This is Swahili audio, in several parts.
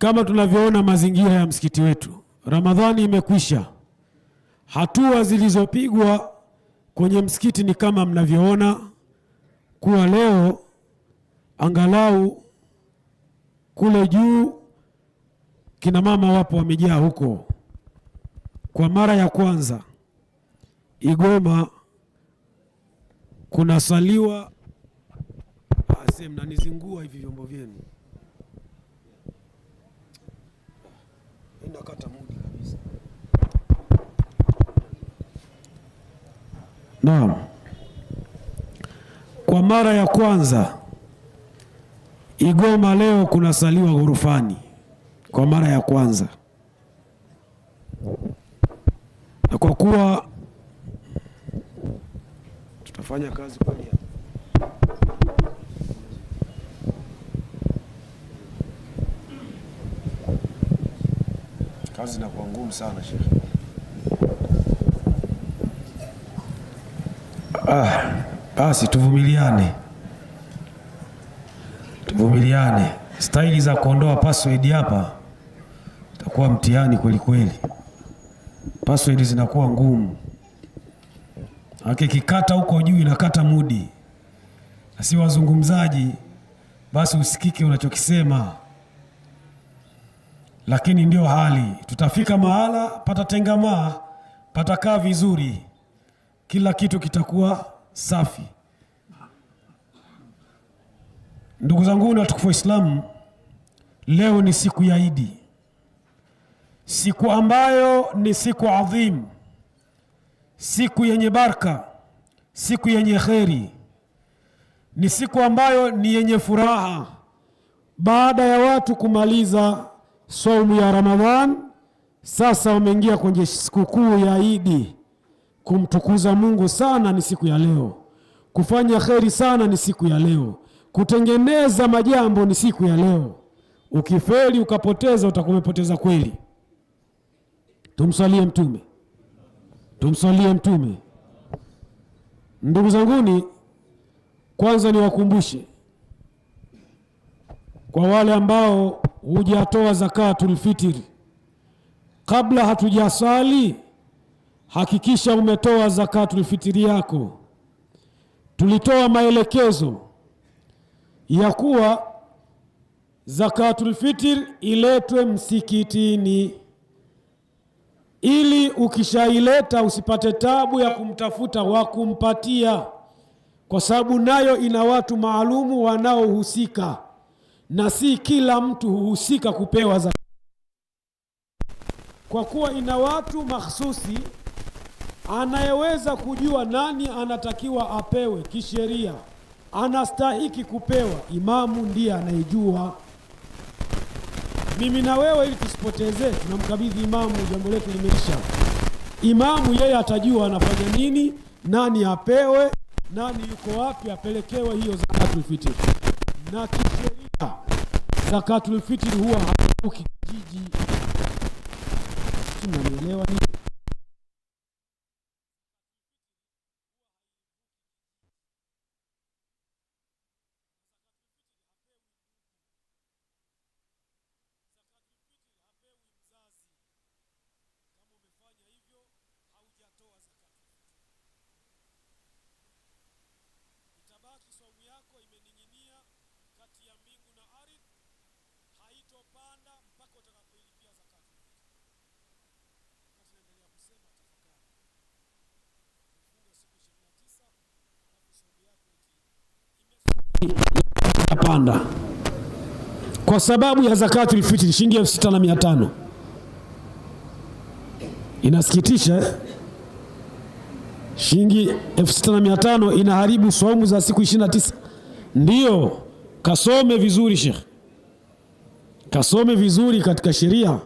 Kama tunavyoona mazingira ya msikiti wetu, Ramadhani imekwisha. Hatua zilizopigwa kwenye msikiti ni kama mnavyoona kuwa leo angalau kule juu kina mama wapo wamejaa huko. Kwa mara ya kwanza Igoma kunasaliwa. Asem nanizingua hivi vyombo vyenu. na mudi kabisa. Naam, kwa mara ya kwanza Igoma leo kunasaliwa ghorofani kwa mara ya kwanza, na kwa kuwa tutafanya kazi kwenye kazi inakuwa ngumu sana shekhe. Ah, basi tuvumiliane, tuvumiliane. Staili za kuondoa password hapa itakuwa mtihani kweli kweli, password zinakuwa ngumu akikikata huko juu inakata mudi, na si wazungumzaji, basi usikike unachokisema lakini ndio hali. Tutafika mahala patatengamaa, patakaa vizuri, kila kitu kitakuwa safi. Ndugu zangu na watukufu Waislamu, leo ni siku ya Idi, siku ambayo ni siku adhimu, siku yenye baraka, siku yenye kheri, ni siku ambayo ni yenye furaha baada ya watu kumaliza saumu ya Ramadhan. Sasa wameingia kwenye sikukuu ya Idi. Kumtukuza Mungu sana ni siku ya leo, kufanya kheri sana ni siku ya leo, kutengeneza majambo ni siku ya leo. Ukifeli ukapoteza, utakuwa umepoteza kweli. Tumsalie Mtume, tumsalie Mtume. Ndugu zanguni, kwanza niwakumbushe kwa wale ambao hujatoa zakatul fitri, kabla hatujasali hakikisha umetoa zakatul fitri yako. Tulitoa maelekezo ya kuwa zakatul fitri iletwe msikitini ili ukishaileta usipate tabu ya kumtafuta wa kumpatia, kwa sababu nayo ina watu maalumu wanaohusika na si kila mtu huhusika kupewa zaka, kwa kuwa ina watu mahsusi anayeweza kujua nani anatakiwa apewe kisheria, anastahiki kupewa. Imamu ndiye anayejua. Mimi na wewe, ili tusipoteze tunamkabidhi imamu, jambo letu limeisha. Imamu yeye atajua anafanya nini, nani apewe, nani yuko wapi, apelekewe hiyo zakatul fitri na Zakatul Fitri huwa hauki kijiji, tunaelewa ni panda kwa sababu ya zakatul fitri shilingi elfu sita na mia tano. Inasikitisha, eh? shilingi elfu sita na mia tano inaharibu saumu za siku ishirini na tisa. Ndiyo, kasome vizuri Sheikh, kasome vizuri katika sheria,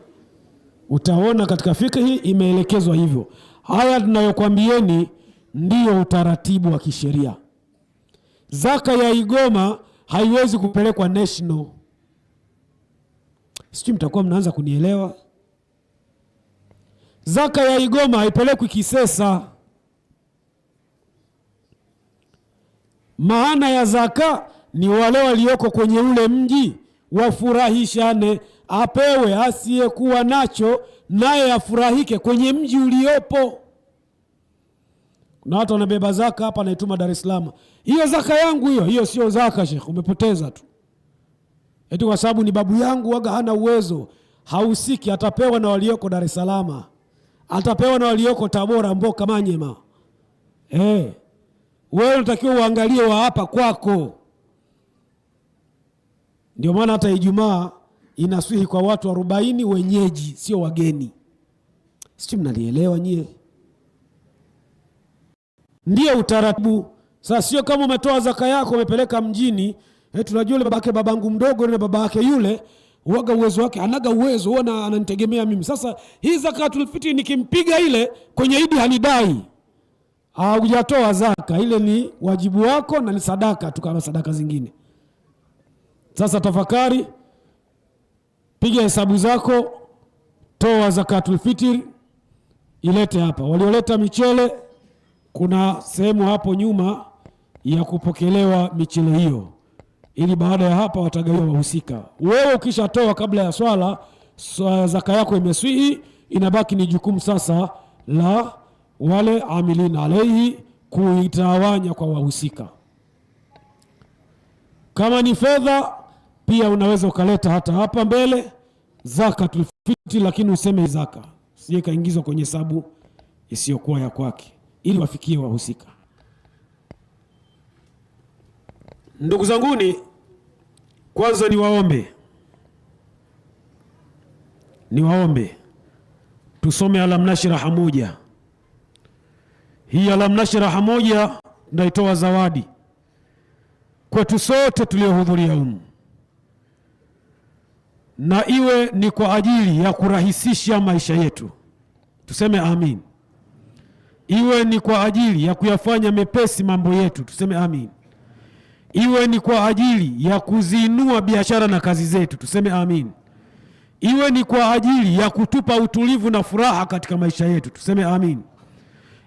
utaona katika fikhi imeelekezwa hivyo. Haya tunayokwambieni ndiyo utaratibu wa kisheria. Zaka ya Igoma haiwezi kupelekwa national. Sijui mtakuwa mnaanza kunielewa. Zaka ya Igoma haipelekwi Kisesa. Maana ya zaka ni wale walioko kwenye ule mji wafurahishane, apewe asiyekuwa nacho naye afurahike kwenye mji uliopo na watu wanabeba zaka hapa, naituma Dar es Salaam. Hiyo zaka yangu hiyo hiyo, sio zaka Sheikh, umepoteza tu, eti kwa sababu ni babu yangu waga hana uwezo, hausiki. Atapewa na walioko Dar es Salaam, atapewa na walioko Tabora, Mboka, Manyema. Eh, wewe unatakiwa uangalie wa hapa kwako. Ndio maana hata Ijumaa inaswihi kwa watu arobaini wenyeji, sio wageni. Sijui mnalielewa nyie. Ndio utaratibu. Sasa sio kama umetoa zaka yako umepeleka mjini, eh, tunajua yule babake babangu mdogo na baba yake yule uwaga uwezo wake anaga uwezo huwa ananitegemea mimi. Sasa hii zakatul fitri nikimpiga ile kwenye Idi hanidai. Hujatoa zaka ile, ni wajibu wako na ni sadaka tu kama sadaka zingine. Sasa tafakari, piga hesabu zako, toa zakatul fitri ilete hapa. Walioleta michele kuna sehemu hapo nyuma ya kupokelewa michele hiyo, ili baada ya hapa watagawiwa wahusika. Wewe ukishatoa kabla ya swala, zaka yako imeswihi, inabaki ni jukumu sasa la wale amilina alaihi kuitawanya kwa wahusika. Kama ni fedha pia unaweza ukaleta hata hapa mbele zaka fitri, lakini useme zaka sije kaingizwa kwenye hesabu isiyokuwa ya kwake ili wafikie wahusika. Ndugu zanguni, kwanza niwaombe niwaombe tusome alamnashiraha moja. Hii alamnashiraha moja naitoa zawadi kwetu sote tuliohudhuria humu, na iwe ni kwa ajili ya kurahisisha maisha yetu. Tuseme amin iwe ni kwa ajili ya kuyafanya mepesi mambo yetu, tuseme amin. Iwe ni kwa ajili ya kuziinua biashara na kazi zetu, tuseme amin. Iwe ni kwa ajili ya kutupa utulivu na furaha katika maisha yetu, tuseme amin.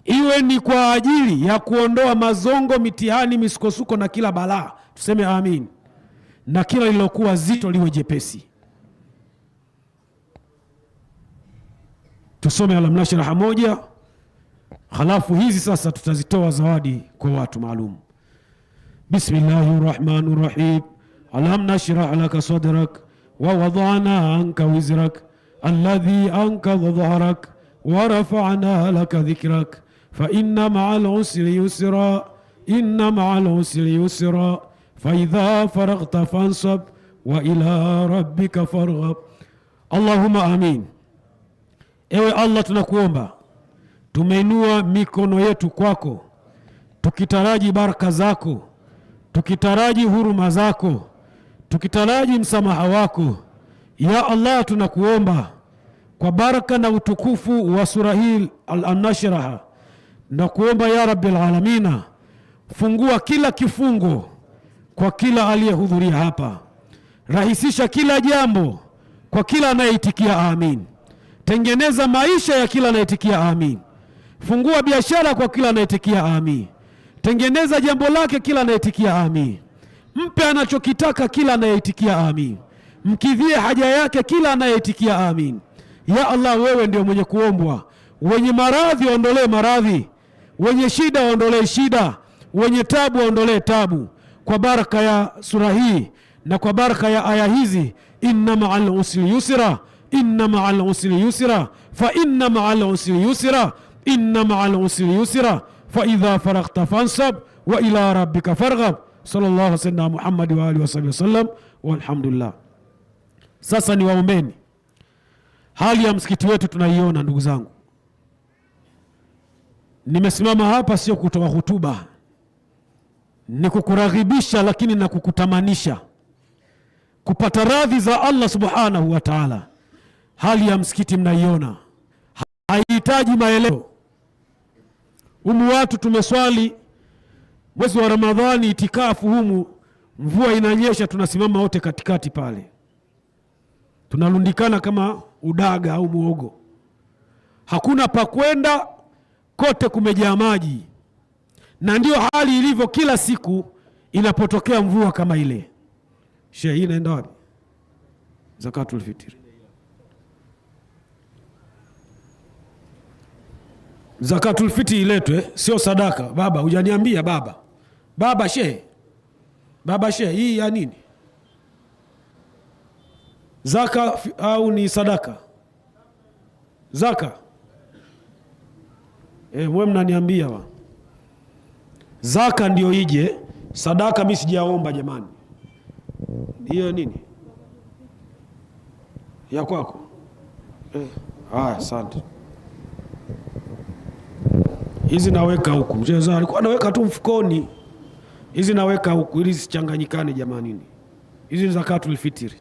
Iwe ni kwa ajili ya kuondoa mazongo, mitihani, misukosuko na kila balaa, tuseme amin. Na kila lililokuwa zito liwe jepesi. Tusome Alam Nashrah moja halafu hizi sasa tutazitoa zawadi kwa watu maalum. bismillahi rahmani rahim alam nashrah laka sadrak wa wadana anka wizrak alladhi ankadha dhahrak wa rafana laka dhikrak fa inna ma'al usri yusra inna ma'al usri yusra fa idha faraghta fansab wa ila rabbika farghab. Allahumma amin. Ewe Allah, tunakuomba Tumeinua mikono yetu kwako tukitaraji baraka zako, tukitaraji huruma zako, tukitaraji msamaha wako. Ya Allah, tunakuomba kwa baraka na utukufu wa sura hii Al-Nashra, na kuomba ya Rabbil Alamina, fungua kila kifungo kwa kila aliyehudhuria hapa, rahisisha kila jambo kwa kila anayeitikia amin, tengeneza maisha ya kila anayeitikia amin. Fungua biashara kwa kila anayetikia ami. Tengeneza jambo lake kila anayetikia ami. Mpe anachokitaka kila anayeitikia ami. Mkidhie haja yake kila anayeitikia ami. Ya Allah, wewe ndio mwenye kuombwa. Wenye maradhi waondolee maradhi, wenye shida waondolee shida, wenye tabu waondolee tabu, kwa baraka ya sura hii na kwa baraka ya aya hizi, inna ma'al usri yusra, inna ma'al usri yusra, fa inna ma'al usri yusra inna ma'al usri yusra fa idha faraghta fansab wa ila rabbika farghab. Sallallahu alaihi wasallam Muhammad wa alihi wasallam walhamdulillah. Sasa ni waumbeni Hali ya msikiti wetu tunaiona, ndugu zangu. Nimesimama hapa sio kutoa hutuba, ni kukuraghibisha, lakini na kukutamanisha kupata radhi za Allah subhanahu wa ta'ala. Hali ya msikiti mnaiona, haihitaji maelezo humu watu tumeswali mwezi wa Ramadhani itikafu humu, mvua inanyesha, tunasimama wote katikati pale, tunarundikana kama udaga au mwogo, hakuna pa kwenda, kote kumejaa maji, na ndio hali ilivyo kila siku inapotokea mvua kama ile. Shehe, hii inaenda wapi? Zakatul fitri Zakatulfiti iletwe, sio sadaka. Baba hujaniambia baba, baba shehe, baba shehe, hii ya nini? Zaka au ni sadaka? Zaka e, eh, we mnaniambia wa zaka ndio ije, sadaka mi sijaomba jamani. Hiyo nini ya kwako? Eh, haya, eh, asante hizi naweka huku. Mcheza alikuwa anaweka tu mfukoni, hizi naweka huku ili zisichanganyikane. Jamanini, hizi ni zakatul fitri.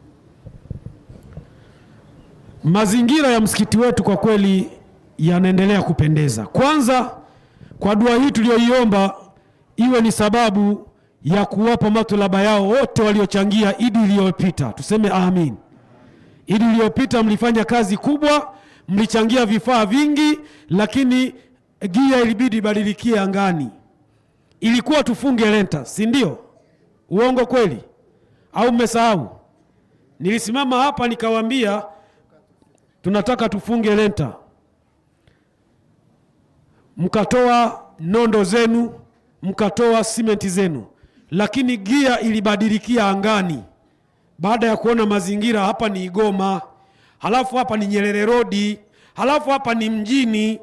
Mazingira ya msikiti wetu kwa kweli yanaendelea kupendeza. Kwanza kwa dua hii tuliyoiomba iwe ni sababu ya kuwapa matulaba yao wote waliochangia Idi iliyopita, tuseme amin. Idi iliyopita mlifanya kazi kubwa, mlichangia vifaa vingi, lakini Eh, gia ilibidi ibadilikie angani. Ilikuwa tufunge lenta, si ndio? Uongo kweli au mmesahau? Nilisimama hapa nikawaambia tunataka tufunge lenta, mkatoa nondo zenu, mkatoa simenti zenu, lakini gia ilibadilikia angani baada ya kuona mazingira. Hapa ni Igoma, halafu hapa ni Nyerere Rodi, halafu hapa ni mjini,